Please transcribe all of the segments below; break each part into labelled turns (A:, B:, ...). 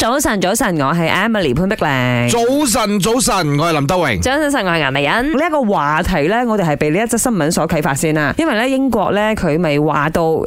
A: 早晨，早晨，我係 Emily 潘碧玲。早晨，早晨，我係林德榮。早晨，早晨，我係顏麗欣。呢一個話題咧，我哋係被呢一則新聞所啟發先啦。因為咧，英國咧佢咪話到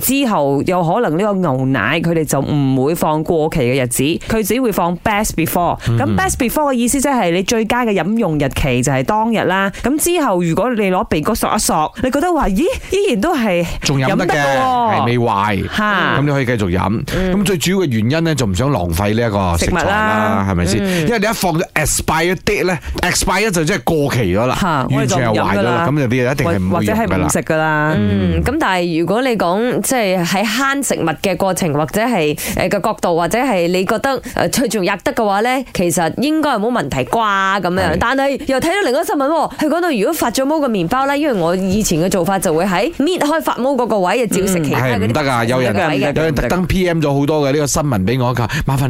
A: 之後有可能呢個牛奶佢哋就唔會放過期嘅日子，佢只會放 best before、嗯。咁 best before 嘅意思即、就、係、係、你最佳嘅飲用日期就係當日啦。咁之後如果你攞鼻哥索一索，你覺得話咦依然都係仲飲得嘅，係未
B: 壞。吓咁哈你可以繼續飲。咁、嗯、最主要嘅原因咧，就唔想浪費。睇呢一個食物啦，係咪先？因為你一放咗 expiry date 咧，expiry 就即係過期咗啦，完全係壞咗啦，咁就啲嘢一定係唔可以食噶啦。嗯，
A: 咁但係如果你講即係喺慳食物嘅過程，或者係誒個角度，或者係你覺得誒吹住壓得嘅話咧，其實應該係冇問題啩咁樣。但係又睇到另一新聞，佢講到如果發咗毛嘅麵包咧，因為我以前嘅做法就會喺搣開發毛嗰個位啊，照食其。係唔得噶，有人有人
B: 特登 PM 咗好多嘅呢個新聞俾我，佢話麻煩。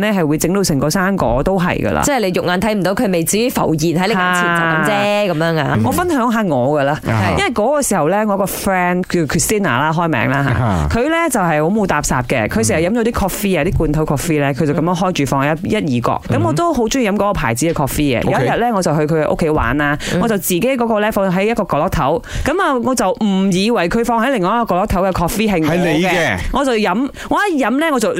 A: 咧係會整到成個生果都係噶啦，即係你肉眼睇唔到佢，未至於浮現喺你眼前就咁啫咁樣噶。我分享下我噶啦，因為嗰個時候咧，我個 friend 叫 Christina 啦，開名啦，佢咧就係好冇搭紗嘅，佢成日飲咗啲 coffee 啊，啲罐頭 coffee 咧，佢就咁樣開住放喺一二角。咁我都好中意飲嗰個牌子嘅 coffee 嘅。有一日咧，我就去佢屋企玩啦，我就自己嗰個咧放喺一個角落頭，咁啊，我就誤以為佢放喺另外一個角落頭嘅 coffee 係我嘅，我就飲，我一飲咧我就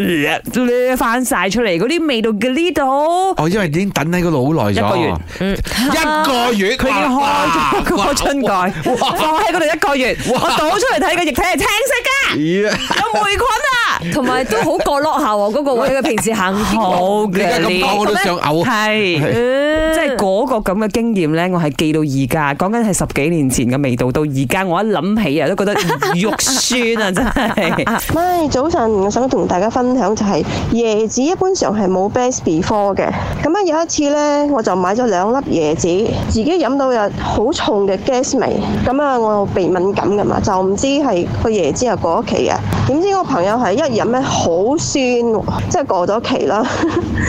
A: 翻曬出嚟。嗰啲味道嘅呢度，哦，因
B: 為已經等喺嗰度好耐咗，一個月，一個月，佢已經開咗嗰個樽蓋，放喺嗰度
A: 一個月，我倒出嚟睇個液體係青色嘅，有霉菌啊，同埋都好角落下喎，嗰個我佢平時行好嘅，咁講我都想嘔，係。即係嗰個咁嘅經驗呢，我係記到而家，講緊係十幾年前嘅味道，到而家我一諗起啊，都覺得肉酸啊，真係。喂， 早晨，我想同大家分享就係椰子一般上係冇 best before 嘅，咁啊，有一次呢，我就買咗兩粒椰子，自己飲到有好重嘅 gas 味，咁啊我鼻敏感噶嘛，就唔知係個椰子係
B: 過咗期啊，點知我朋友係一飲咧好酸，即係過咗期啦。